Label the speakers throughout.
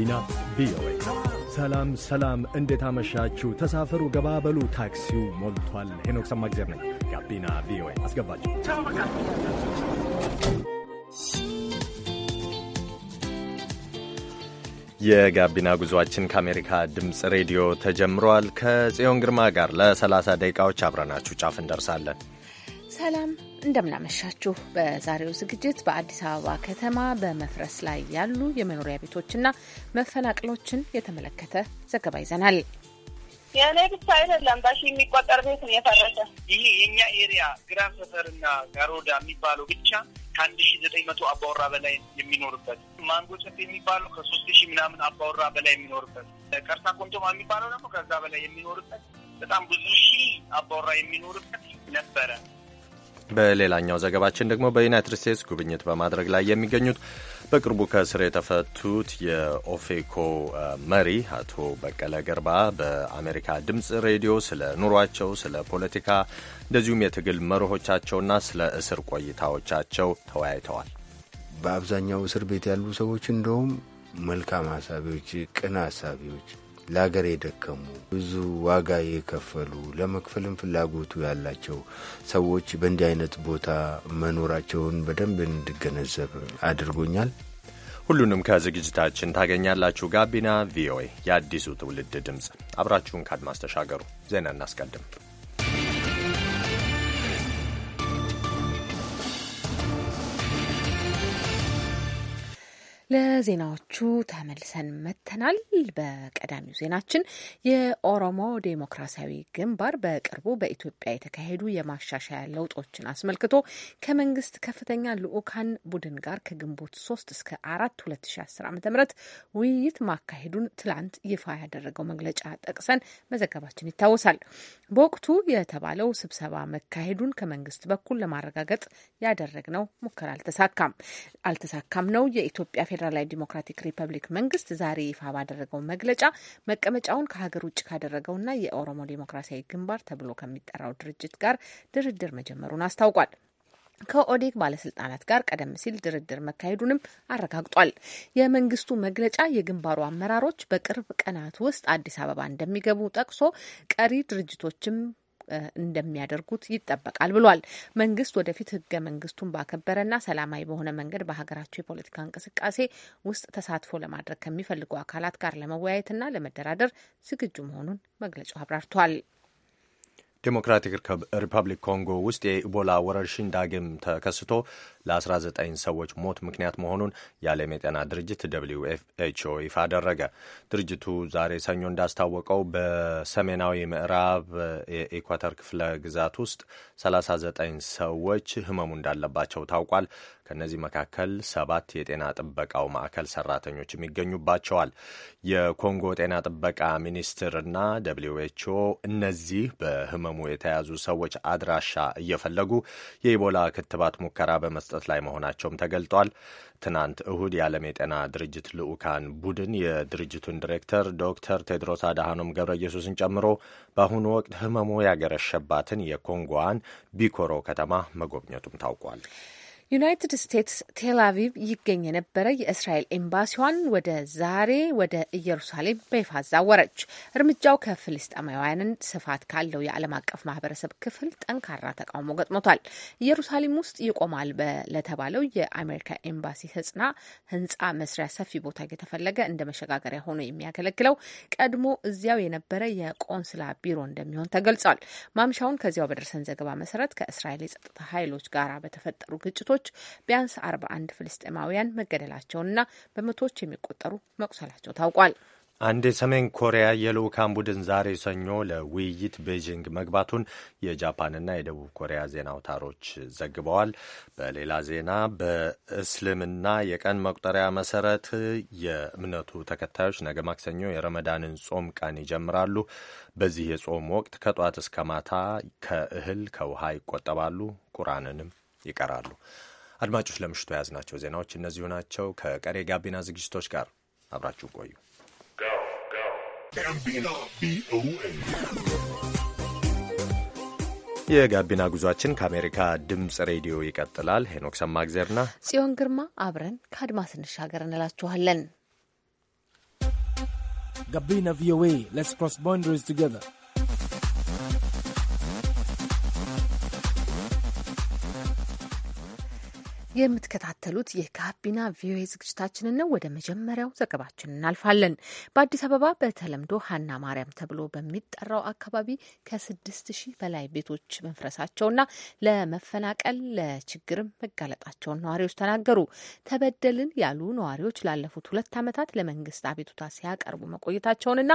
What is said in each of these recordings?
Speaker 1: ጋቢና ቪኦኤ። ሰላም ሰላም፣ እንዴት አመሻችሁ? ተሳፈሩ፣ ገባበሉ፣ ታክሲው ሞልቷል። ሄኖክ ሰማግዜር ነኝ። ጋቢና ቪኦኤ አስገባችሁ። የጋቢና ጉዟችን ከአሜሪካ ድምፅ ሬዲዮ ተጀምሯል። ከጽዮን ግርማ ጋር ለ30 ደቂቃዎች አብረናችሁ ጫፍ እንደርሳለን።
Speaker 2: ሰላም እንደምናመሻችሁ። በዛሬው ዝግጅት በአዲስ አበባ ከተማ በመፍረስ ላይ ያሉ የመኖሪያ ቤቶችና መፈናቅሎችን የተመለከተ ዘገባ ይዘናል።
Speaker 3: የእኔ ብቻ አይደለም በሺ የሚቆጠር ቤት ነው የፈረሰ። ይህ የእኛ ኤሪያ
Speaker 4: ግራ ሰፈርና ጋሮዳ የሚባለው ብቻ ከአንድ ሺ ዘጠኝ መቶ አባወራ በላይ የሚኖርበት ማንጎ ማንጎጨት የሚባለው ከሶስት ሺ ምናምን አባወራ በላይ የሚኖርበት ቀርሳ ቆንቶማ የሚባለው ደግሞ ከዛ በላይ የሚኖርበት በጣም ብዙ ሺህ አባወራ የሚኖርበት
Speaker 1: ነበረ። በሌላኛው ዘገባችን ደግሞ በዩናይትድ ስቴትስ ጉብኝት በማድረግ ላይ የሚገኙት በቅርቡ ከእስር የተፈቱት የኦፌኮ መሪ አቶ በቀለ ገርባ በአሜሪካ ድምፅ ሬዲዮ ስለ ኑሯቸው፣ ስለ ፖለቲካ እንደዚሁም የትግል መርሆቻቸውና ስለ እስር ቆይታዎቻቸው ተወያይተዋል።
Speaker 5: በአብዛኛው እስር ቤት ያሉ ሰዎች እንደውም መልካም ሀሳቢዎች፣ ቅን ሀሳቢዎች ለሀገር የደከሙ ብዙ ዋጋ የከፈሉ ለመክፈልም ፍላጎቱ ያላቸው ሰዎች በእንዲህ አይነት ቦታ መኖራቸውን በደንብ እንድገነዘብ አድርጎኛል።
Speaker 1: ሁሉንም ከዝግጅታችን ታገኛላችሁ። ጋቢና ቪኦኤ፣ የአዲሱ ትውልድ ድምፅ። አብራችሁን ካድማስ ተሻገሩ። ዜና እናስቀድም።
Speaker 2: ለዜናዎቹ ተመልሰን መተናል። በቀዳሚው ዜናችን የኦሮሞ ዴሞክራሲያዊ ግንባር በቅርቡ በኢትዮጵያ የተካሄዱ የማሻሻያ ለውጦችን አስመልክቶ ከመንግስት ከፍተኛ ልዑካን ቡድን ጋር ከግንቦት ሶስት እስከ አራት ሁለት ሺ አስር ዓመተ ምህረት ውይይት ማካሄዱን ትላንት ይፋ ያደረገው መግለጫ ጠቅሰን መዘገባችን ይታወሳል። በወቅቱ የተባለው ስብሰባ መካሄዱን ከመንግስት በኩል ለማረጋገጥ ያደረግነው ሙከራ አልተሳካም አልተሳካም ነው የኢትዮጵያ የፌዴራላዊ ዲሞክራቲክ ሪፐብሊክ መንግስት ዛሬ ይፋ ባደረገው መግለጫ መቀመጫውን ከሀገር ውጭ ካደረገውና የኦሮሞ ዴሞክራሲያዊ ግንባር ተብሎ ከሚጠራው ድርጅት ጋር ድርድር መጀመሩን አስታውቋል። ከኦዴግ ባለስልጣናት ጋር ቀደም ሲል ድርድር መካሄዱንም አረጋግጧል። የመንግስቱ መግለጫ የግንባሩ አመራሮች በቅርብ ቀናት ውስጥ አዲስ አበባ እንደሚገቡ ጠቅሶ ቀሪ ድርጅቶችም እንደሚያደርጉት ይጠበቃል ብሏል። መንግስት ወደፊት ህገ መንግስቱን ባከበረና ሰላማዊ በሆነ መንገድ በሀገራቸው የፖለቲካ እንቅስቃሴ ውስጥ ተሳትፎ ለማድረግ ከሚፈልጉ አካላት ጋር ለመወያየትና ለመደራደር ዝግጁ መሆኑን መግለጫው አብራርቷል።
Speaker 1: ዴሞክራቲክ ሪፐብሊክ ኮንጎ ውስጥ የኢቦላ ወረርሽኝ ዳግም ተከስቶ ለ19 ሰዎች ሞት ምክንያት መሆኑን የዓለም የጤና ድርጅት ደብሊው ኤች ኦ ይፋ አደረገ። ድርጅቱ ዛሬ ሰኞ እንዳስታወቀው በሰሜናዊ ምዕራብ የኢኳተር ክፍለ ግዛት ውስጥ 39 ሰዎች ህመሙ እንዳለባቸው ታውቋል። ከእነዚህ መካከል ሰባት የጤና ጥበቃው ማዕከል ሰራተኞችም ይገኙባቸዋል። የኮንጎ ጤና ጥበቃ ሚኒስትርና ደብሊው ኤች ኦ እነዚህ በህመሙ የተያዙ ሰዎች አድራሻ እየፈለጉ የኢቦላ ክትባት ሙከራ በመስጠት ላይ መሆናቸውም ተገልጧል። ትናንት እሁድ የዓለም የጤና ድርጅት ልዑካን ቡድን የድርጅቱን ዲሬክተር ዶክተር ቴድሮስ አድሃኖም ገብረ ኢየሱስን ጨምሮ በአሁኑ ወቅት ህመሙ ያገረሸባትን የኮንጎዋን ቢኮሮ ከተማ መጎብኘቱም ታውቋል።
Speaker 2: ዩናይትድ ስቴትስ ቴል አቪቭ ይገኝ የነበረ የእስራኤል ኤምባሲዋን ወደ ዛሬ ወደ ኢየሩሳሌም በይፋ አዛወረች። እርምጃው ከፍልስጤማውያን ስፋት ካለው የዓለም አቀፍ ማህበረሰብ ክፍል ጠንካራ ተቃውሞ ገጥሞታል። ኢየሩሳሌም ውስጥ ይቆማል ለተባለው የአሜሪካ ኤምባሲ ህጽና ህንፃ መስሪያ ሰፊ ቦታ እየተፈለገ እንደ መሸጋገሪያ ሆኖ የሚያገለግለው ቀድሞ እዚያው የነበረ የቆንስላ ቢሮ እንደሚሆን ተገልጿል። ማምሻውን ከዚያው በደረሰን ዘገባ መሰረት ከእስራኤል የጸጥታ ኃይሎች ጋር በተፈጠሩ ግጭቶች ጥቃቶች ቢያንስ 41 ፍልስጤማውያን መገደላቸውንና በመቶዎች የሚቆጠሩ መቁሰላቸው ታውቋል።
Speaker 1: አንድ የሰሜን ኮሪያ የልዑካን ቡድን ዛሬ ሰኞ ለውይይት ቤጂንግ መግባቱን የጃፓንና የደቡብ ኮሪያ ዜና አውታሮች ዘግበዋል። በሌላ ዜና በእስልምና የቀን መቁጠሪያ መሰረት የእምነቱ ተከታዮች ነገ ማክሰኞ የረመዳንን ጾም ቀን ይጀምራሉ። በዚህ የጾም ወቅት ከጧት እስከ ማታ ከእህል ከውሃ ይቆጠባሉ። ቁርአንንም ይቀራሉ። አድማጮች ለምሽቱ የያዝናቸው ዜናዎች እነዚሁ ናቸው። ከቀሬ ጋቢና ዝግጅቶች ጋር አብራችሁ ቆዩ። የጋቢና ጉዟችን ከአሜሪካ ድምፅ ሬዲዮ ይቀጥላል። ሄኖክ ሰማግዜርና
Speaker 2: ጽዮን ግርማ አብረን ከአድማስ እንሻገር እንላችኋለን። ጋቢና ቪኦኤ ሌትስ ክሮስ ቦንደሪስ ቱጌዘር የምትከታተሉት የጋቢና ቪኦኤ ዝግጅታችንን ነው። ወደ መጀመሪያው ዘገባችን እናልፋለን። በአዲስ አበባ በተለምዶ ሀና ማርያም ተብሎ በሚጠራው አካባቢ ከስድስት ሺህ በላይ ቤቶች መፍረሳቸውና ለመፈናቀል ለችግርም መጋለጣቸውን ነዋሪዎች ተናገሩ። ተበደልን ያሉ ነዋሪዎች ላለፉት ሁለት ዓመታት ለመንግስት አቤቱታ ሲያቀርቡ መቆየታቸውንና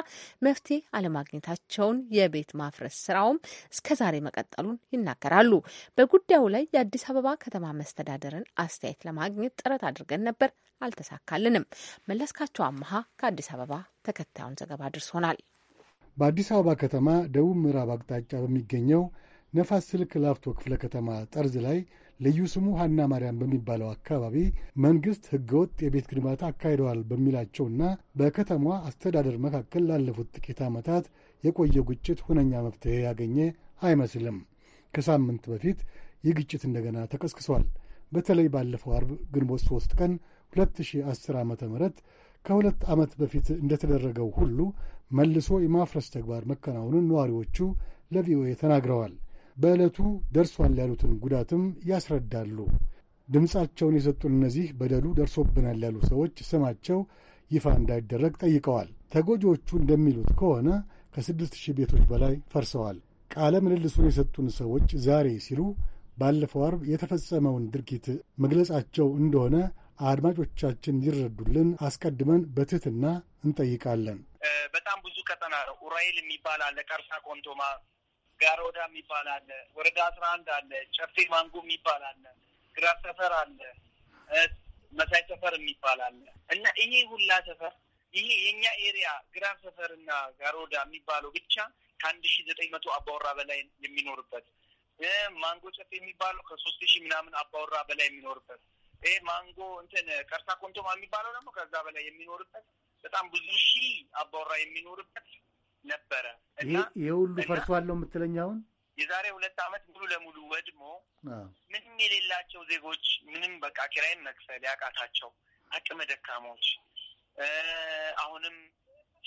Speaker 2: መፍትሄ አለማግኘታቸውን የቤት ማፍረስ ስራውም እስከዛሬ መቀጠሉን ይናገራሉ። በጉዳዩ ላይ የአዲስ አበባ ከተማ መስተዳደርን አስተያየት ለማግኘት ጥረት አድርገን ነበር፣ አልተሳካልንም። መለስካቸው አመሃ ከአዲስ አበባ ተከታዩን ዘገባ አድርሶናል።
Speaker 6: በአዲስ አበባ ከተማ ደቡብ ምዕራብ አቅጣጫ በሚገኘው ነፋስ ስልክ ላፍቶ ክፍለ ከተማ ጠርዝ ላይ ልዩ ስሙ ሀና ማርያም በሚባለው አካባቢ መንግሥት ህገወጥ የቤት ግንባታ አካሂደዋል በሚላቸውና በከተማዋ አስተዳደር መካከል ላለፉት ጥቂት ዓመታት የቆየ ግጭት ሁነኛ መፍትሄ ያገኘ አይመስልም። ከሳምንት በፊት ይህ ግጭት እንደገና ተቀስቅሷል። በተለይ ባለፈው አርብ ግንቦት 3 ቀን 2010 ዓ ም ከሁለት ዓመት በፊት እንደተደረገው ሁሉ መልሶ የማፍረስ ተግባር መከናወኑን ነዋሪዎቹ ለቪኦኤ ተናግረዋል። በዕለቱ ደርሷል ያሉትን ጉዳትም ያስረዳሉ። ድምፃቸውን የሰጡን እነዚህ በደሉ ደርሶብናል ያሉ ሰዎች ስማቸው ይፋ እንዳይደረግ ጠይቀዋል። ተጎጂዎቹ እንደሚሉት ከሆነ ከስድስት ሺህ ቤቶች በላይ ፈርሰዋል። ቃለ ምልልሱን የሰጡን ሰዎች ዛሬ ሲሉ ባለፈው አርብ የተፈጸመውን ድርጊት መግለጻቸው እንደሆነ አድማጮቻችን ይረዱልን አስቀድመን በትህትና እንጠይቃለን። በጣም ብዙ ቀጠና ነው። ኡራኤል የሚባል አለ፣ ቀርሳ ቆንቶማ፣
Speaker 4: ጋሮዳ የሚባል አለ፣ ወረዳ አስራ አንድ አለ፣ ጨፌ ማንጎ የሚባል አለ፣ ሰፈር አለ፣ መሳይ ሰፈር የሚባል አለ እና ይሄ ሁላ ሰፈር ይሄ የእኛ ኤሪያ ግራ ሰፈርና ጋሮዳ የሚባለው ብቻ ከአንድ ሺ ዘጠኝ መቶ አባወራ በላይ የሚኖርበት ማንጎ ጨፍ የሚባለው ከሶስት ሺህ ምናምን አባወራ በላይ የሚኖርበት ይህ ማንጎ እንትን ቀርሳ ኮንቶማ የሚባለው ደግሞ ከዛ በላይ የሚኖርበት በጣም ብዙ ሺህ
Speaker 6: አባወራ የሚኖርበት ነበረ እና ይህ ሁሉ ፈርሷለው የምትለኝ አሁን የዛሬ ሁለት ዓመት ሙሉ ለሙሉ ወድሞ
Speaker 4: ምንም የሌላቸው ዜጎች ምንም በቃ ኪራይን መክፈል ያቃታቸው አቅመ ደካሞች፣ አሁንም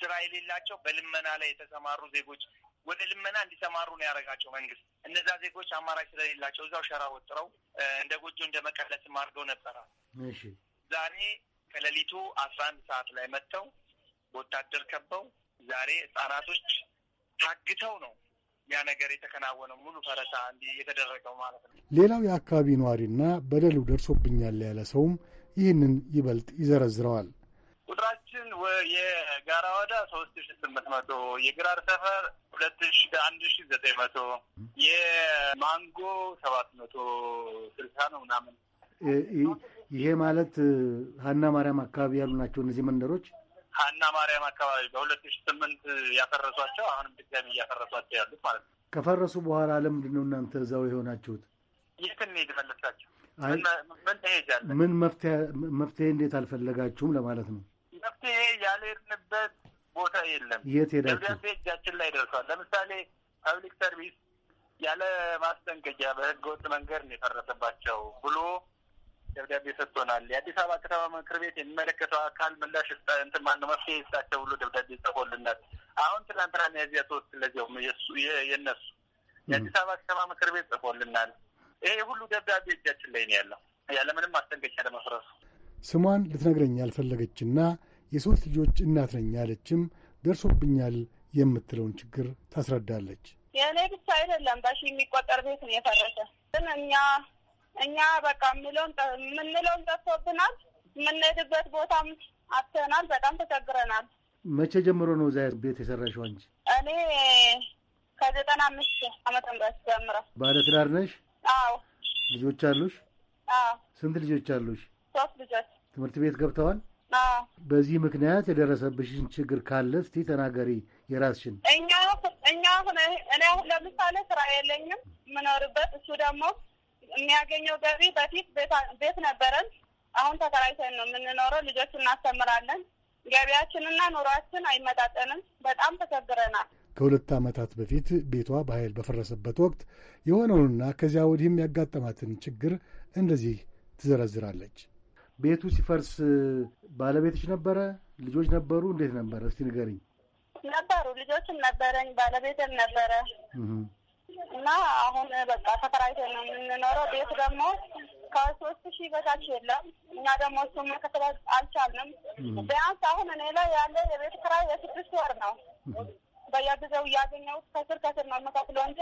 Speaker 4: ስራ የሌላቸው በልመና ላይ የተሰማሩ ዜጎች ወደ ልመና እንዲሰማሩ ነው ያደረጋቸው መንግስት። እነዛ ዜጎች አማራጭ ስለሌላቸው እዛው ሸራ ወጥረው እንደ ጎጆ እንደ መቀለስም አድርገው ነበረ። ዛሬ ከሌሊቱ አስራ አንድ ሰዓት ላይ መጥተው በወታደር ከበው ዛሬ ህጻናቶች ታግተው ነው ያ ነገር የተከናወነው። ሙሉ ፈረሳ እንዲ የተደረገው ማለት ነው።
Speaker 6: ሌላው የአካባቢ ነዋሪና በደሉ ደርሶብኛል ያለ ሰውም ይህንን ይበልጥ ይዘረዝረዋል። ቁጥራችን የጋራ ወዳ
Speaker 4: ሶስት ሺ ስምንት መቶ የግራር ሰፈር ሁለት ሺ አንድ ሺ ዘጠኝ መቶ የማንጎ ሰባት መቶ ስልሳ
Speaker 6: ነው ምናምን። ይሄ ማለት ሀና ማርያም አካባቢ ያሉ ናቸው እነዚህ መንደሮች። ሀና ማርያም አካባቢ በሁለት
Speaker 4: ሺ ስምንት ያፈረሷቸው አሁንም ድጋሚ እያፈረሷቸው ያሉት ማለት ነው።
Speaker 6: ከፈረሱ በኋላ ለምንድን ነው እናንተ እዛው የሆናችሁት? የት እንሂድ መለሳቸው? ምን ምን መፍትሄ እንዴት አልፈለጋችሁም ለማለት ነው
Speaker 4: መፍትሄ ያልሄድንበት
Speaker 6: ቦታ የለም። የት ሄዳችሁ እጃችን ላይ ደርሷል። ለምሳሌ ፐብሊክ ሰርቪስ
Speaker 4: ያለ ማስጠንቀቂያ በህገ ወጥ መንገድ ነው የፈረሰባቸው ብሎ ደብዳቤ ሰጥቶናል። የአዲስ አበባ ከተማ ምክር ቤት የሚመለከተው አካል ምላሽ እንትን ማነው መፍትሄ ይስጣቸው ብሎ ደብዳቤ ጽፎልናል። አሁን ትናንትና ሚያዝያ ሶስት ለዚያው የነሱ የአዲስ አበባ ከተማ ምክር ቤት ጽፎልናል። ይሄ ሁሉ ደብዳቤ እጃችን ላይ ነው ያለው ያለምንም ማስጠንቀቂያ ለመፍረሱ
Speaker 6: ስሟን ልትነግረኝ ያልፈለገችና የሦስት ልጆች እናት ነኝ ያለችም ደርሶብኛል የምትለውን ችግር ታስረዳለች።
Speaker 3: የእኔ ብቻ አይደለም በሺ የሚቆጠር ቤት ነው የፈረሰ። ግን እኛ እኛ በቃ የምንለውን ጠፍቶብናል። የምንሄድበት ቦታም አተናል። በጣም ተቸግረናል።
Speaker 6: መቼ ጀምሮ ነው እዛ ቤት የሰራሽው አንቺ?
Speaker 3: እኔ ከዘጠና አምስት ዓመተ ምህረት ጀምረ።
Speaker 6: ባለ ትዳር ነሽ? አዎ። ልጆች አሉሽ? አዎ። ስንት ልጆች አሉሽ? ሶስት ልጆች። ትምህርት ቤት ገብተዋል? በዚህ ምክንያት የደረሰብሽን ችግር ካለ እስቲ ተናገሪ የራስሽን።
Speaker 3: እኛ እኛ አሁን እኔ አሁን ለምሳሌ ስራ የለኝም የምኖርበት፣ እሱ ደግሞ የሚያገኘው ገቢ በፊት ቤት ነበረን፣ አሁን ተከራይተን ነው የምንኖረው። ልጆች እናስተምራለን። ገቢያችንና ኑሯችን አይመጣጠንም። በጣም ተቸግረናል።
Speaker 6: ከሁለት ዓመታት በፊት ቤቷ በኃይል በፈረሰበት ወቅት የሆነውንና ከዚያ ወዲህም ያጋጠማትን ችግር እንደዚህ ትዘረዝራለች። ቤቱ ሲፈርስ ባለቤትሽ ነበረ? ልጆች ነበሩ? እንዴት ነበረ? እስቲ ንገሪኝ።
Speaker 3: ነበሩ ልጆችም ነበረኝ ባለቤትም ነበረ እና አሁን በቃ ተከራይቶ ነው የምንኖረው። ቤቱ ደግሞ ከሶስት ሺህ በታች የለም። እኛ ደግሞ እሱ መከተል አልቻልንም። ቢያንስ አሁን እኔ ላይ ያለ የቤት ክራይ የስድስት ወር ነው። በየጊዜው እያገኘሁት ከስር ከስር ነው የምከፍለው እንጂ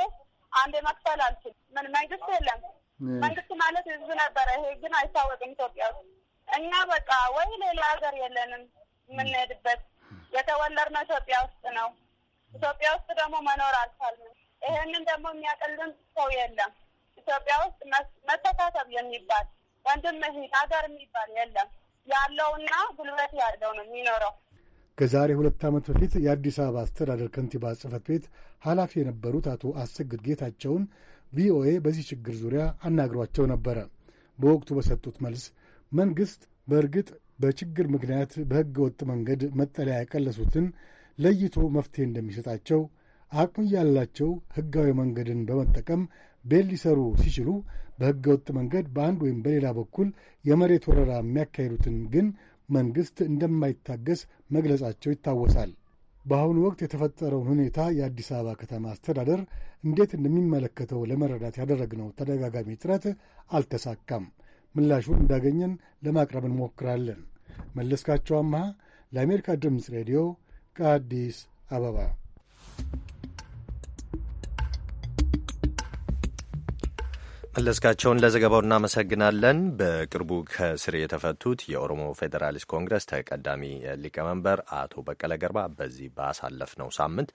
Speaker 3: አንዴ መክፈል አልችል። ምን መንግስት የለም። መንግስት ማለት ህዝብ ነበረ። ይሄ ግን አይታወቅም ኢትዮጵያ ውስጥ እኛ በቃ ወይ ሌላ ሀገር የለንም የምንሄድበት የተወለድነው ኢትዮጵያ ውስጥ ነው። ኢትዮጵያ ውስጥ ደግሞ መኖር አልቻልንም። ይህንን ደግሞ የሚያቅልን ሰው የለም። ኢትዮጵያ ውስጥ መተሳሰብ የሚባል ወንድም ሀገር የሚባል የለም። ያለውና ጉልበት ያለው ነው የሚኖረው።
Speaker 6: ከዛሬ ሁለት ዓመት በፊት የአዲስ አበባ አስተዳደር ከንቲባ ጽህፈት ቤት ኃላፊ የነበሩት አቶ አሰግድ ጌታቸውን ቪኦኤ በዚህ ችግር ዙሪያ አናግሯቸው ነበረ። በወቅቱ በሰጡት መልስ መንግሥት በእርግጥ በችግር ምክንያት በሕገ ወጥ መንገድ መጠለያ ያቀለሱትን ለይቶ መፍትሄ እንደሚሰጣቸው አቅም ያላቸው ሕጋዊ መንገድን በመጠቀም ቤል ሊሰሩ ሲችሉ በሕገ ወጥ መንገድ በአንድ ወይም በሌላ በኩል የመሬት ወረራ የሚያካሂዱትን ግን መንግሥት እንደማይታገስ መግለጻቸው ይታወሳል። በአሁኑ ወቅት የተፈጠረውን ሁኔታ የአዲስ አበባ ከተማ አስተዳደር እንዴት እንደሚመለከተው ለመረዳት ያደረግነው ተደጋጋሚ ጥረት አልተሳካም። ምላሹን እንዳገኘን ለማቅረብ እንሞክራለን። መለስካቸው አምሃ ለአሜሪካ ድምፅ ሬዲዮ ከአዲስ አበባ።
Speaker 1: መለስካቸውን ለዘገባው እናመሰግናለን። በቅርቡ ከእስር የተፈቱት የኦሮሞ ፌዴራሊስት ኮንግረስ ተቀዳሚ ሊቀመንበር አቶ በቀለ ገርባ በዚህ ባሳለፍነው ሳምንት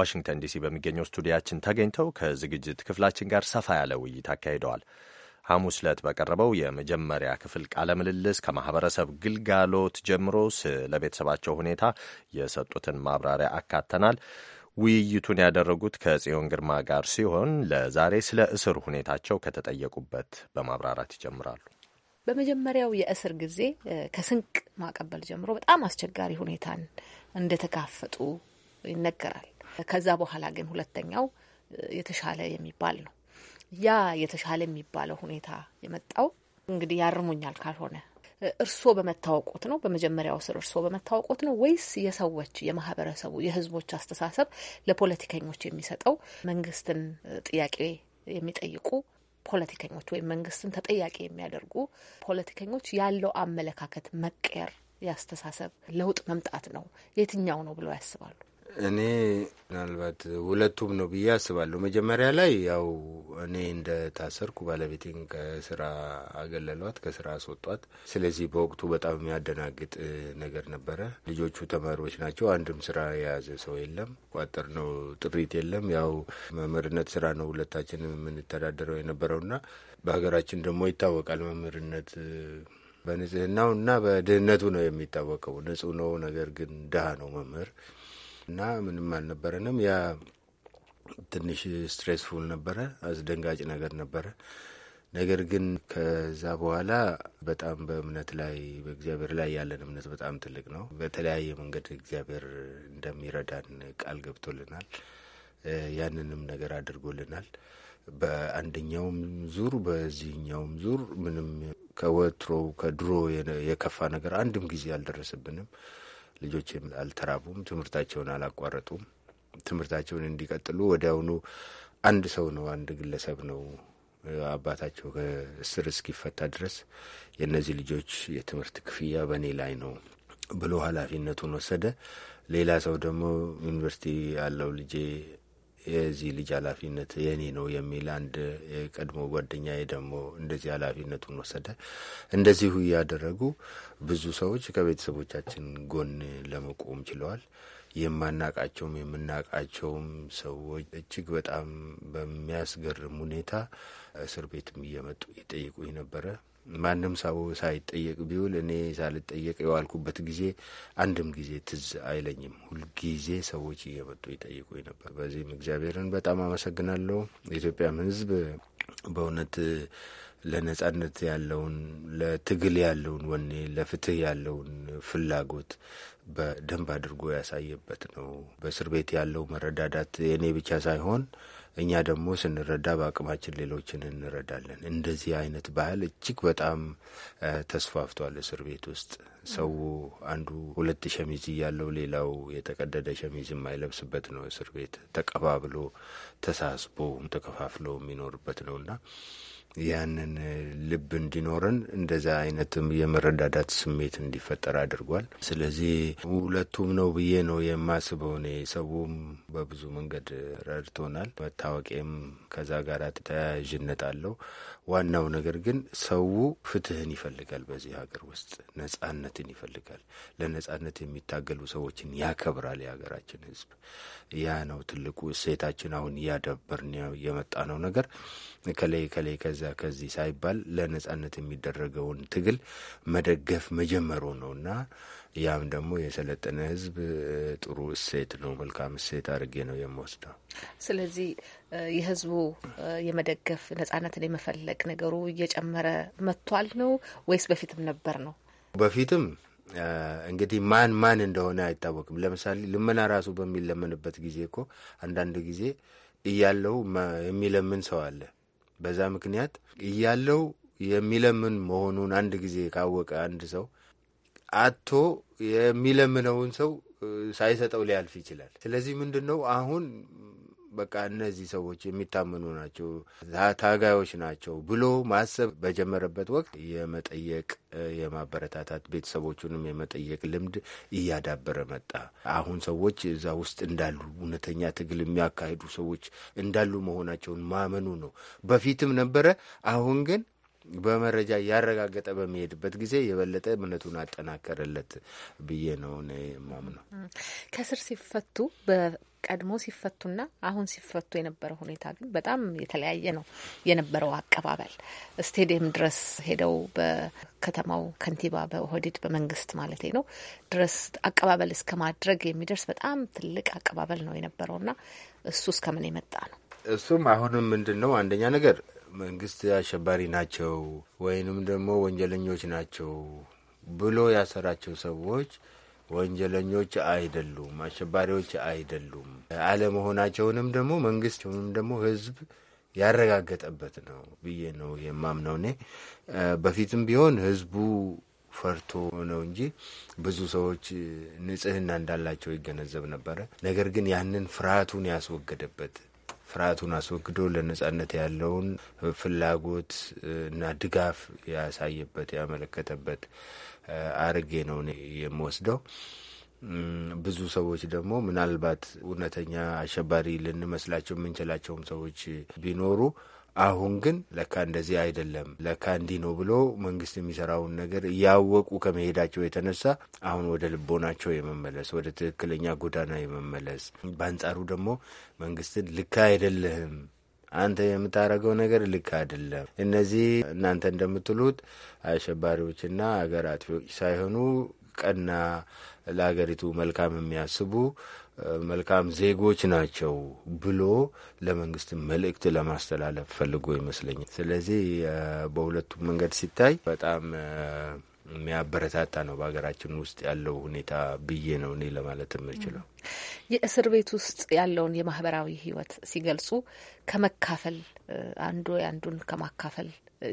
Speaker 1: ዋሽንግተን ዲሲ በሚገኘው ስቱዲያችን ተገኝተው ከዝግጅት ክፍላችን ጋር ሰፋ ያለ ውይይት አካሂደዋል። ሐሙስ ዕለት በቀረበው የመጀመሪያ ክፍል ቃለ ምልልስ ከማህበረሰብ ግልጋሎት ጀምሮ ስለ ቤተሰባቸው ሁኔታ የሰጡትን ማብራሪያ አካተናል። ውይይቱን ያደረጉት ከጽዮን ግርማ ጋር ሲሆን ለዛሬ ስለ እስር ሁኔታቸው ከተጠየቁበት በማብራራት ይጀምራሉ።
Speaker 2: በመጀመሪያው የእስር ጊዜ ከስንቅ ማቀበል ጀምሮ በጣም አስቸጋሪ ሁኔታን እንደተጋፈጡ ይነገራል። ከዛ በኋላ ግን ሁለተኛው የተሻለ የሚባል ነው። ያ የተሻለ የሚባለው ሁኔታ የመጣው እንግዲህ ያርሙኛል ካልሆነ እርስዎ በመታወቁት ነው? በመጀመሪያው ስር እርስዎ በመታወቁት ነው ወይስ የሰዎች የማህበረሰቡ የህዝቦች አስተሳሰብ ለፖለቲከኞች የሚሰጠው መንግስትን ጥያቄ የሚጠይቁ ፖለቲከኞች ወይም መንግስትን ተጠያቂ የሚያደርጉ ፖለቲከኞች ያለው አመለካከት መቀየር፣ የአስተሳሰብ ለውጥ መምጣት ነው? የትኛው ነው ብለው ያስባሉ?
Speaker 5: እኔ ምናልባት ሁለቱም ነው ብዬ አስባለሁ። መጀመሪያ ላይ ያው እኔ እንደ ታሰርኩ ባለቤቴን ከስራ አገለሏት፣ ከስራ አስወጧት። ስለዚህ በወቅቱ በጣም የሚያደናግጥ ነገር ነበረ። ልጆቹ ተማሪዎች ናቸው። አንድም ስራ የያዘ ሰው የለም። ቋጠር ነው ጥሪት የለም። ያው መምህርነት ስራ ነው ሁለታችን የምንተዳደረው የነበረውና በሀገራችን ደግሞ ይታወቃል መምህርነት በንጽህናው እና በድህነቱ ነው የሚታወቀው። ንጹህ ነው፣ ነገር ግን ድሃ ነው መምህር እና ምንም አልነበረንም። ያ ትንሽ ስትሬስፉል ነበረ፣ አስደንጋጭ ነገር ነበረ። ነገር ግን ከዛ በኋላ በጣም በእምነት ላይ በእግዚአብሔር ላይ ያለን እምነት በጣም ትልቅ ነው። በተለያየ መንገድ እግዚአብሔር እንደሚረዳን ቃል ገብቶልናል። ያንንም ነገር አድርጎልናል። በአንደኛውም ዙር በዚህኛውም ዙር ምንም ከወትሮ ከድሮ የከፋ ነገር አንድም ጊዜ አልደረሰብንም። ልጆች አልተራቡም፣ ትምህርታቸውን አላቋረጡም። ትምህርታቸውን እንዲቀጥሉ ወዲያውኑ አንድ ሰው ነው አንድ ግለሰብ ነው አባታቸው ከእስር እስኪፈታ ድረስ የእነዚህ ልጆች የትምህርት ክፍያ በእኔ ላይ ነው ብሎ ኃላፊነቱን ወሰደ። ሌላ ሰው ደግሞ ዩኒቨርሲቲ ያለው ልጄ የዚህ ልጅ ኃላፊነት የኔ ነው የሚል አንድ የቀድሞ ጓደኛ ደግሞ እንደዚህ ኃላፊነቱን ወሰደ። እንደዚሁ እያደረጉ ብዙ ሰዎች ከቤተሰቦቻችን ጎን ለመቆም ችለዋል። የማናቃቸውም የምናቃቸውም ሰዎች እጅግ በጣም በሚያስገርም ሁኔታ እስር ቤትም እየመጡ ይጠይቁኝ ነበረ። ማንም ሰው ሳይጠየቅ ቢውል እኔ ሳልጠየቅ የዋልኩበት ጊዜ አንድም ጊዜ ትዝ አይለኝም። ሁልጊዜ ሰዎች እየመጡ ይጠይቁኝ ነበር። በዚህም እግዚአብሔርን በጣም አመሰግናለሁ። የኢትዮጵያም ሕዝብ በእውነት ለነጻነት ያለውን ለትግል ያለውን ወኔ ለፍትህ ያለውን ፍላጎት በደንብ አድርጎ ያሳየበት ነው። በእስር ቤት ያለው መረዳዳት የእኔ ብቻ ሳይሆን እኛ ደግሞ ስንረዳ በአቅማችን ሌሎችን እንረዳለን። እንደዚህ አይነት ባህል እጅግ በጣም ተስፋፍቷል። እስር ቤት ውስጥ ሰው አንዱ ሁለት ሸሚዝ እያለው ሌላው የተቀደደ ሸሚዝ የማይለብስበት ነው። እስር ቤት ተቀባብሎ ተሳስቦ ተከፋፍሎ የሚኖርበት እና ያንን ልብ እንዲኖረን እንደዛ አይነትም የመረዳዳት ስሜት እንዲፈጠር አድርጓል። ስለዚህ ሁለቱም ነው ብዬ ነው የማስበው። እኔ ሰውም በብዙ መንገድ ረድቶናል። መታወቂም ከዛ ጋር ተያያዥነት አለው። ዋናው ነገር ግን ሰው ፍትህን ይፈልጋል። በዚህ ሀገር ውስጥ ነጻነትን ይፈልጋል። ለነጻነት የሚታገሉ ሰዎችን ያከብራል የሀገራችን ህዝብ ያ ነው ትልቁ እሴታችን። አሁን እያደበርን የመጣ ነው ነገር ከላይ ከላይ ከዛ ከዚህ ሳይባል ለነጻነት የሚደረገውን ትግል መደገፍ መጀመሩ ነው እና ያም ደግሞ የሰለጠነ ህዝብ ጥሩ እሴት ነው፣ መልካም እሴት አድርጌ ነው የምወስደው።
Speaker 2: ስለዚህ የህዝቡ የመደገፍ ነጻነትን የመፈለግ ነገሩ እየጨመረ መጥቷል ነው ወይስ በፊትም ነበር ነው?
Speaker 5: በፊትም እንግዲህ ማን ማን እንደሆነ አይታወቅም። ለምሳሌ ልመና ራሱ በሚለመንበት ጊዜ እኮ አንዳንድ ጊዜ እያለው የሚለምን ሰው አለ። በዛ ምክንያት እያለው የሚለምን መሆኑን አንድ ጊዜ ካወቀ አንድ ሰው አቶ የሚለምነውን ሰው ሳይሰጠው ሊያልፍ ይችላል። ስለዚህ ምንድን ነው አሁን በቃ እነዚህ ሰዎች የሚታመኑ ናቸው፣ ታጋዮች ናቸው ብሎ ማሰብ በጀመረበት ወቅት የመጠየቅ የማበረታታት ቤተሰቦቹንም የመጠየቅ ልምድ እያዳበረ መጣ። አሁን ሰዎች እዛ ውስጥ እንዳሉ እውነተኛ ትግል የሚያካሂዱ ሰዎች እንዳሉ መሆናቸውን ማመኑ ነው። በፊትም ነበረ፣ አሁን ግን በመረጃ እያረጋገጠ በሚሄድበት ጊዜ የበለጠ እምነቱን አጠናከረለት ብዬ ነው ማምነው።
Speaker 2: ከስር ሲፈቱ ቀድሞ ሲፈቱና አሁን ሲፈቱ የነበረው ሁኔታ ግን በጣም የተለያየ ነው የነበረው አቀባበል። ስቴዲየም ድረስ ሄደው በከተማው ከንቲባ በኦህዴድ በመንግስት ማለት ነው ድረስ አቀባበል እስከ ማድረግ የሚደርስ በጣም ትልቅ አቀባበል ነው የነበረውና እሱ እስከ ምን የመጣ ነው?
Speaker 5: እሱም አሁንም ምንድን ነው አንደኛ ነገር መንግስት አሸባሪ ናቸው ወይንም ደግሞ ወንጀለኞች ናቸው ብሎ ያሰራቸው ሰዎች ወንጀለኞች አይደሉም፣ አሸባሪዎች አይደሉም አለመሆናቸውንም ደግሞ መንግስት ወይም ደግሞ ህዝብ ያረጋገጠበት ነው ብዬ ነው የማምነው። እኔ በፊትም ቢሆን ህዝቡ ፈርቶ ነው እንጂ ብዙ ሰዎች ንጽህና እንዳላቸው ይገነዘብ ነበረ። ነገር ግን ያንን ፍርሃቱን ያስወገደበት ፍርሃቱን አስወግዶ ለነጻነት ያለውን ፍላጎት እና ድጋፍ ያሳየበት ያመለከተበት አርጌ ነው የምወስደው። ብዙ ሰዎች ደግሞ ምናልባት እውነተኛ አሸባሪ ልንመስላቸው የምንችላቸውም ሰዎች ቢኖሩ አሁን ግን ለካ እንደዚህ አይደለም፣ ለካ እንዲህ ነው ብሎ መንግስት የሚሰራውን ነገር እያወቁ ከመሄዳቸው የተነሳ አሁን ወደ ልቦናቸው የመመለስ ወደ ትክክለኛ ጎዳና የመመለስ በአንጻሩ ደግሞ መንግስትን ልክ አይደለህም አንተ የምታደርገው ነገር ልክ አይደለም። እነዚህ እናንተ እንደምትሉት አሸባሪዎችና አገር አጥፊዎች ሳይሆኑ ቀና ለሀገሪቱ መልካም የሚያስቡ መልካም ዜጎች ናቸው ብሎ ለመንግስት መልእክት ለማስተላለፍ ፈልጎ ይመስለኛል። ስለዚህ በሁለቱም መንገድ ሲታይ በጣም የሚያበረታታ ነው በሀገራችን ውስጥ ያለው ሁኔታ ብዬ ነው እኔ ለማለት የምችለው።
Speaker 2: የእስር ቤት ውስጥ ያለውን የማህበራዊ ህይወት ሲገልጹ ከመካፈል አንዱ አንዱን ከማካፈል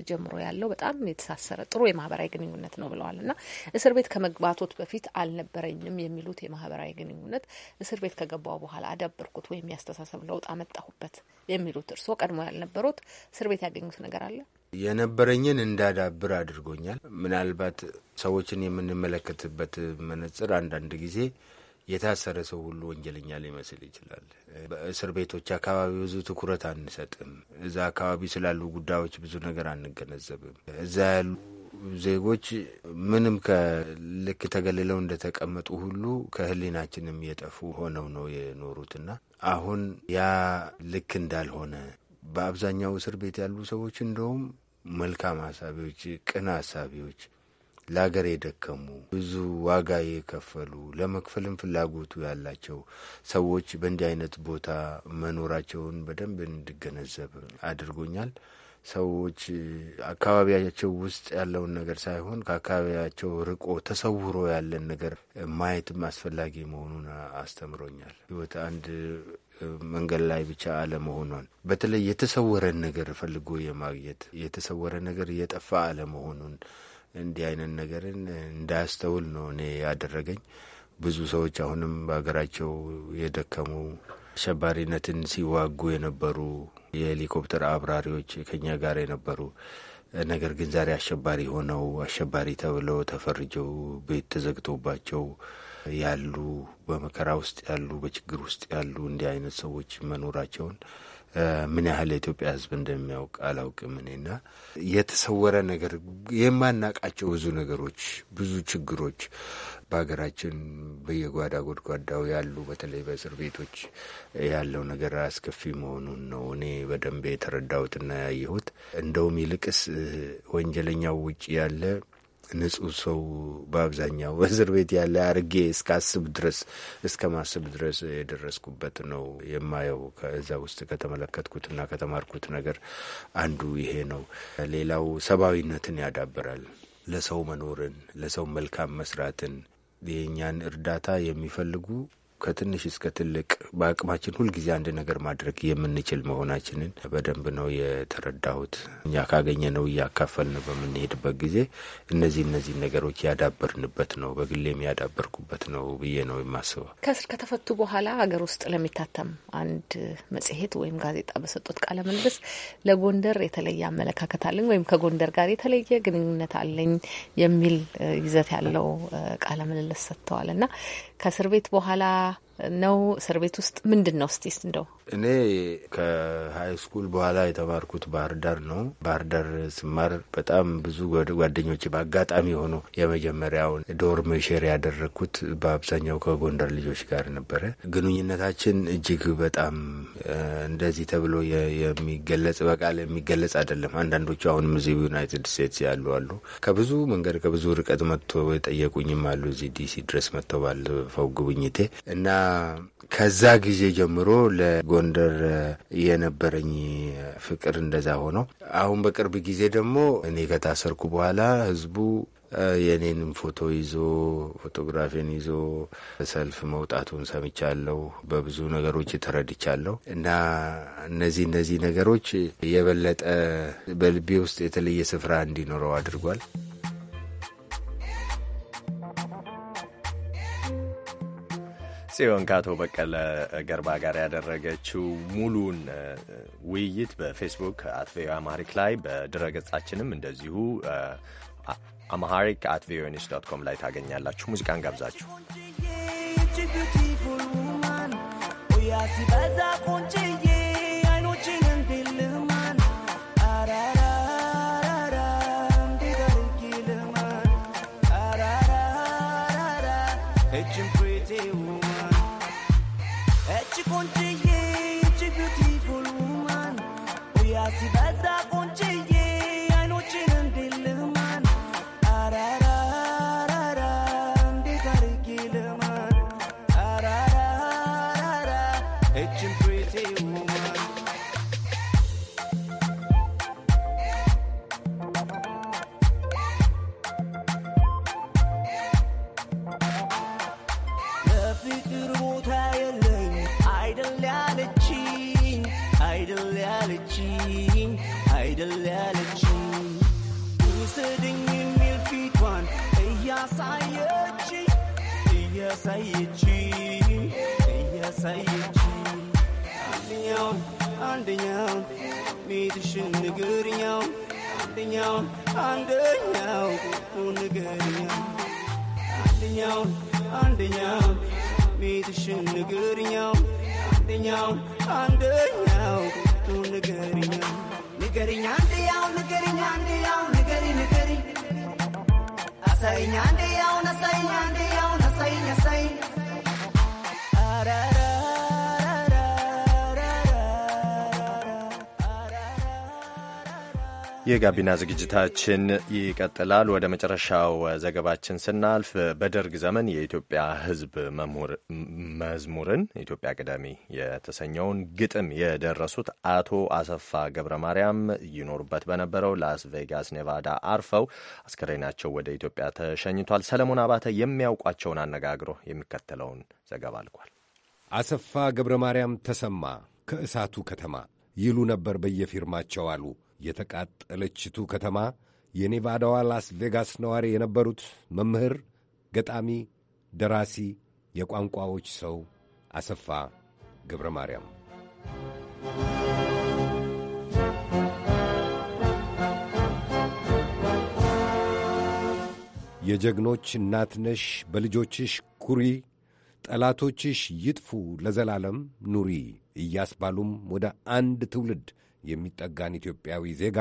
Speaker 2: ጀምሮ ያለው በጣም የተሳሰረ ጥሩ የማህበራዊ ግንኙነት ነው ብለዋል። እና እስር ቤት ከመግባቶት በፊት አልነበረኝም የሚሉት የማህበራዊ ግንኙነት እስር ቤት ከገባው በኋላ አዳበርኩት ወይም ያስተሳሰብ ለውጥ አመጣሁበት የሚሉት እርስዎ ቀድሞ ያልነበሩት እስር ቤት ያገኙት ነገር አለ?
Speaker 5: የነበረኝን እንዳዳብር አድርጎኛል። ምናልባት ሰዎችን የምንመለከትበት መነጽር አንዳንድ ጊዜ የታሰረ ሰው ሁሉ ወንጀለኛ ሊመስል ይችላል። በእስር ቤቶች አካባቢ ብዙ ትኩረት አንሰጥም። እዛ አካባቢ ስላሉ ጉዳዮች ብዙ ነገር አንገነዘብም። እዛ ያሉ ዜጎች ምንም ከልክ ተገልለው እንደተቀመጡ ሁሉ ከህሊናችንም የጠፉ ሆነው ነው የኖሩትና አሁን ያ ልክ እንዳልሆነ በአብዛኛው እስር ቤት ያሉ ሰዎች እንደውም መልካም ሀሳቢዎች፣ ቅን ሀሳቢዎች ለሀገር የደከሙ ብዙ ዋጋ የከፈሉ ለመክፈልም ፍላጎቱ ያላቸው ሰዎች በእንዲህ አይነት ቦታ መኖራቸውን በደንብ እንድገነዘብ አድርጎኛል። ሰዎች አካባቢያቸው ውስጥ ያለውን ነገር ሳይሆን ከአካባቢያቸው ርቆ ተሰውሮ ያለን ነገር ማየትም አስፈላጊ መሆኑን አስተምሮኛል። ህይወት አንድ መንገድ ላይ ብቻ አለመሆኗን በተለይ የተሰወረን ነገር ፈልጎ የማግኘት የተሰወረ ነገር እየጠፋ አለመሆኑን እንዲህ አይነት ነገርን እንዳያስተውል ነው እኔ ያደረገኝ። ብዙ ሰዎች አሁንም በሀገራቸው የደከሙ አሸባሪነትን ሲዋጉ የነበሩ የሄሊኮፕተር አብራሪዎች ከኛ ጋር የነበሩ ነገር ግን ዛሬ አሸባሪ ሆነው አሸባሪ ተብለው ተፈርጀው ቤት ተዘግቶባቸው ያሉ በመከራ ውስጥ ያሉ በችግር ውስጥ ያሉ እንዲህ አይነት ሰዎች መኖራቸውን ምን ያህል የኢትዮጵያ ሕዝብ እንደሚያውቅ አላውቅም። እኔና የተሰወረ ነገር የማናቃቸው ብዙ ነገሮች፣ ብዙ ችግሮች በሀገራችን በየጓዳ ጎድጓዳው ያሉ በተለይ በእስር ቤቶች ያለው ነገር አስከፊ መሆኑን ነው እኔ በደንብ የተረዳሁትና ያየሁት። እንደውም ይልቅስ ወንጀለኛው ውጭ ያለ ንጹህ ሰው በአብዛኛው በእስር ቤት ያለ አርጌ እስከ ድረስ እስከ ማስብ ድረስ የደረስኩበት ነው የማየው። ከዛ ውስጥ ከተመለከትኩትና ከተማርኩት ነገር አንዱ ይሄ ነው። ሌላው ሰብአዊነትን ያዳብራል። ለሰው መኖርን፣ ለሰው መልካም መስራትን፣ የእኛን እርዳታ የሚፈልጉ ከትንሽ እስከ ትልቅ በአቅማችን ሁልጊዜ አንድ ነገር ማድረግ የምንችል መሆናችንን በደንብ ነው የተረዳሁት። እኛ ካገኘ ነው እያካፈልን በምንሄድበት ጊዜ እነዚህ እነዚህ ነገሮች ያዳበርንበት ነው፣ በግሌም ያዳበርኩበት ነው ብዬ ነው የማስበው።
Speaker 2: ከእስር ከተፈቱ በኋላ ሀገር ውስጥ ለሚታተም አንድ መጽሔት ወይም ጋዜጣ በሰጡት ቃለ ምልልስ ለጎንደር የተለየ አመለካከት አለኝ ወይም ከጎንደር ጋር የተለየ ግንኙነት አለኝ የሚል ይዘት ያለው ቃለ ምልልስ ሰጥተዋል እና ከእስር ቤት በኋላ ነው እስር ቤት ውስጥ ምንድን ነው ስቲስ? እንደው
Speaker 5: እኔ ከሀይ ስኩል በኋላ የተማርኩት ባህር ዳር ነው። ባህር ዳር ስማር በጣም ብዙ ጓደኞች በአጋጣሚ ሆኖ የመጀመሪያውን ዶርም ሼር ያደረግኩት በአብዛኛው ከጎንደር ልጆች ጋር ነበረ። ግንኙነታችን እጅግ በጣም እንደዚህ ተብሎ የሚገለጽ በቃል የሚገለጽ አይደለም። አንዳንዶቹ አሁንም እዚህ ዩናይትድ ስቴትስ ያሉ አሉ። ከብዙ መንገድ ከብዙ ርቀት መጥቶ የጠየቁኝም አሉ። እዚህ ዲሲ ድረስ መጥተው ባለፈው ጉብኝቴ እና ከዛ ጊዜ ጀምሮ ለጎንደር የነበረኝ ፍቅር እንደዛ ሆኖ አሁን በቅርብ ጊዜ ደግሞ እኔ ከታሰርኩ በኋላ ህዝቡ የእኔንም ፎቶ ይዞ ፎቶግራፊን ይዞ ሰልፍ መውጣቱን ሰምቻለሁ። በብዙ ነገሮች ተረድቻለሁ እና እነዚህ እነዚህ ነገሮች የበለጠ በልቤ ውስጥ የተለየ ስፍራ እንዲኖረው አድርጓል።
Speaker 1: ጽዮን ከአቶ በቀለ ገርባ ጋር ያደረገችው ሙሉን ውይይት በፌስቡክ አት ቪኦኤ አማሪክ ላይ በድረገጻችንም እንደዚሁ አማሪክ አት ቪኦኤ ኒውስ ዶት ኮም ላይ ታገኛላችሁ። ሙዚቃን ጋብዛችሁ
Speaker 7: ያለችኝ አይደል ያለችኝ ውሰድኝ የሚል ፊቷን እያሳየችኝ እያሳየችኝ እያሳየችኝ አንደኛውን አንደኛውን ቤትሽን ንገሪኛው አንደኛውን አንደኛው ንገሪኛው አንደኛውን አንደኛው ቤትሽን ንገሪኛው አንደኛውን አንደኛው ንገሪኛ ንገሪኛ አንዴ ያው ንገሪኛ አንዴ ያው ንገሪ ንገሪ አሳይኛ አንዴ ያው አሳይኛ አንዴ
Speaker 1: የጋቢና ዝግጅታችን ይቀጥላል። ወደ መጨረሻው ዘገባችን ስናልፍ በደርግ ዘመን የኢትዮጵያ ሕዝብ መዝሙርን ኢትዮጵያ ቅዳሜ የተሰኘውን ግጥም የደረሱት አቶ አሰፋ ገብረ ማርያም ይኖሩበት በነበረው ላስ ቬጋስ ኔቫዳ አርፈው አስከሬናቸው ወደ ኢትዮጵያ ተሸኝቷል። ሰለሞን አባተ የሚያውቋቸውን
Speaker 8: አነጋግሮ የሚከተለውን ዘገባ አልኳል። አሰፋ ገብረ ማርያም ተሰማ ከእሳቱ ከተማ ይሉ ነበር በየፊርማቸው አሉ የተቃጠለችቱ ከተማ የኔቫዳዋ ላስ ቬጋስ ነዋሪ የነበሩት መምህር፣ ገጣሚ፣ ደራሲ፣ የቋንቋዎች ሰው አሰፋ ገብረ ማርያም የጀግኖች እናትነሽ በልጆችሽ ኩሪ ጠላቶችሽ ይጥፉ ለዘላለም ኑሪ እያስባሉም ወደ አንድ ትውልድ የሚጠጋን ኢትዮጵያዊ ዜጋ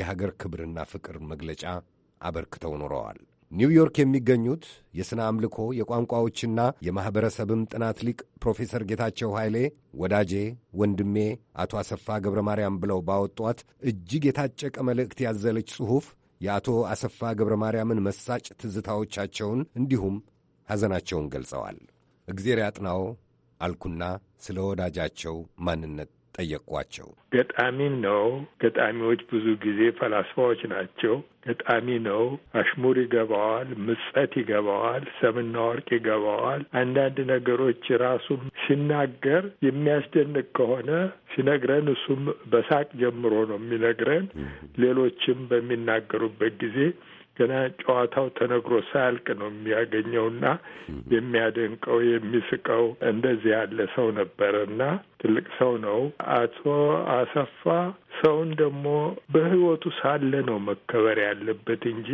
Speaker 8: የሀገር ክብርና ፍቅር መግለጫ አበርክተው ኖረዋል። ኒውዮርክ የሚገኙት የሥነ አምልኮ የቋንቋዎችና የማኅበረሰብም ጥናት ሊቅ ፕሮፌሰር ጌታቸው ኃይሌ ወዳጄ ወንድሜ አቶ አሰፋ ገብረ ማርያም ብለው ባወጧት እጅግ የታጨቀ መልእክት ያዘለች ጽሑፍ የአቶ አሰፋ ገብረ ማርያምን መሳጭ ትዝታዎቻቸውን እንዲሁም ሐዘናቸውን ገልጸዋል። እግዜር ያጥናው አልኩና ስለ ወዳጃቸው
Speaker 9: ማንነት ጠየቋቸው። ገጣሚ ነው። ገጣሚዎች ብዙ ጊዜ ፈላስፋዎች ናቸው። ገጣሚ ነው። አሽሙር ይገባዋል፣ ምጸት ይገባዋል፣ ሰምና ወርቅ ይገባዋል። አንዳንድ ነገሮች ራሱም ሲናገር የሚያስደንቅ ከሆነ ሲነግረን እሱም በሳቅ ጀምሮ ነው የሚነግረን። ሌሎችም በሚናገሩበት ጊዜ ገና ጨዋታው ተነግሮ ሳያልቅ ነው የሚያገኘውና የሚያደንቀው የሚስቀው እንደዚህ ያለ ሰው ነበር እና ትልቅ ሰው ነው አቶ አሰፋ። ሰውን ደግሞ በህይወቱ ሳለ ነው መከበር ያለበት እንጂ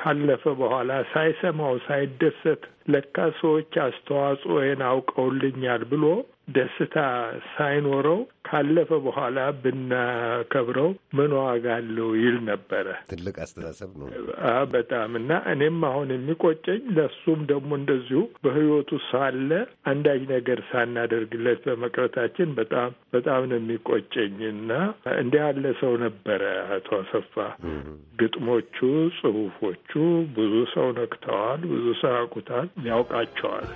Speaker 9: ካለፈ በኋላ ሳይሰማው ሳይደሰት ለካ ሰዎች አስተዋጽኦዬን አውቀውልኛል ብሎ ደስታ ሳይኖረው ካለፈ በኋላ ብናከብረው ምን ዋጋ አለው ይል ነበረ። ትልቅ አስተሳሰብ ነው በጣም እና እኔም አሁን የሚቆጨኝ ለሱም ደግሞ እንደዚሁ በህይወቱ ሳለ አንዳች ነገር ሳናደርግለት በመቅረታችን በጣም በጣም ነው የሚቆጨኝ እና እንዲህ ያለ ሰው ነበረ አቶ አሰፋ። ግጥሞቹ፣ ጽሁፎቹ ብዙ ሰው ነክተዋል፣ ብዙ ሰው ያውቁታል፣ ያውቃቸዋል።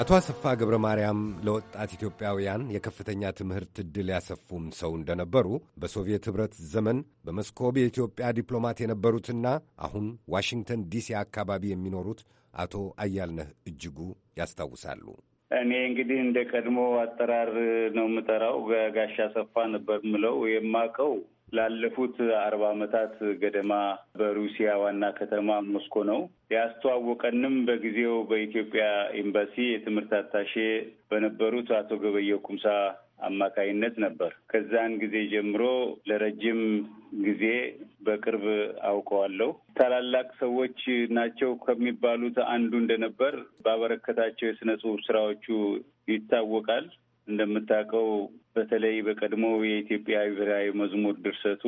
Speaker 8: አቶ አሰፋ ገብረ ማርያም ለወጣት ኢትዮጵያውያን የከፍተኛ ትምህርት ዕድል ያሰፉም ሰው እንደነበሩ በሶቪየት ኅብረት ዘመን በመስኮብ የኢትዮጵያ ዲፕሎማት የነበሩትና አሁን ዋሽንግተን ዲሲ አካባቢ የሚኖሩት አቶ አያልነህ እጅጉ ያስታውሳሉ።
Speaker 10: እኔ እንግዲህ እንደ ቀድሞ አጠራር ነው የምጠራው። ጋሻ ሰፋ ነበር ምለው የማቀው ላለፉት አርባ ዓመታት ገደማ በሩሲያ ዋና ከተማ ሞስኮ ነው ያስተዋወቀንም በጊዜው በኢትዮጵያ ኤምባሲ የትምህርት አታሼ በነበሩት አቶ ገበየሁ ኩምሳ አማካይነት ነበር። ከዛን ጊዜ ጀምሮ ለረጅም ጊዜ በቅርብ አውቀዋለሁ። ታላላቅ ሰዎች ናቸው ከሚባሉት አንዱ እንደነበር ባበረከታቸው የስነ ጽሁፍ ስራዎቹ ይታወቃል። እንደምታውቀው በተለይ በቀድሞ የኢትዮጵያ ብሔራዊ መዝሙር ድርሰቱ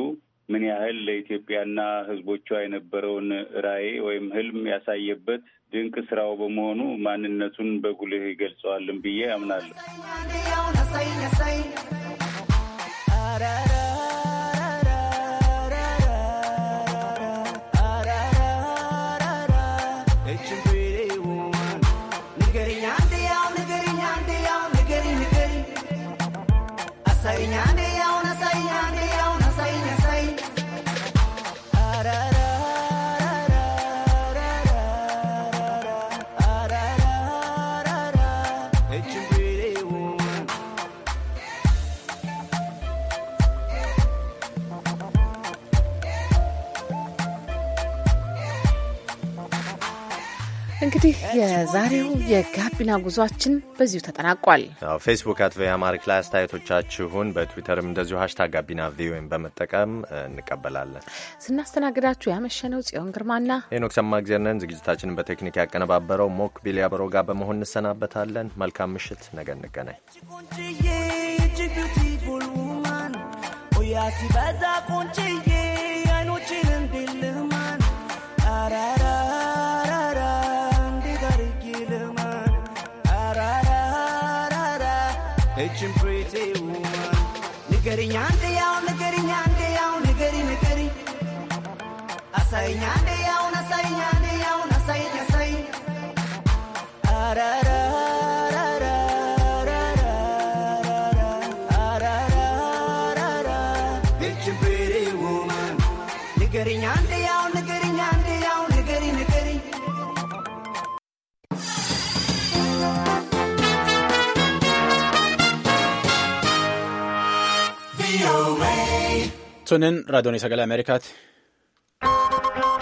Speaker 10: ምን ያህል ለኢትዮጵያና ሕዝቦቿ የነበረውን ራዕይ ወይም ህልም ያሳየበት ድንቅ ስራው በመሆኑ ማንነቱን በጉልህ ይገልጸዋልን ብዬ አምናለሁ።
Speaker 2: እንግዲህ የዛሬው የጋቢና ጉዟችን በዚሁ ተጠናቋል።
Speaker 1: ፌስቡክ አት ቪኦኤ አማሪክ ላይ አስተያየቶቻችሁን በትዊተርም እንደዚሁ ሀሽታግ ጋቢና ቪኦኤን በመጠቀም እንቀበላለን።
Speaker 2: ስናስተናግዳችሁ ያመሸነው ጽዮን ግርማና
Speaker 1: ሄኖክ ሰማ ጊዜነን ዝግጅታችንን በቴክኒክ ያቀነባበረው ሞክ ቢል ያበሮ ጋር በመሆን እንሰናበታለን። መልካም ምሽት፣ ነገ እንገናኝ።
Speaker 7: ቁንጭዬ
Speaker 10: Saamsooniin raadiyoon sagalee Ameerikaati.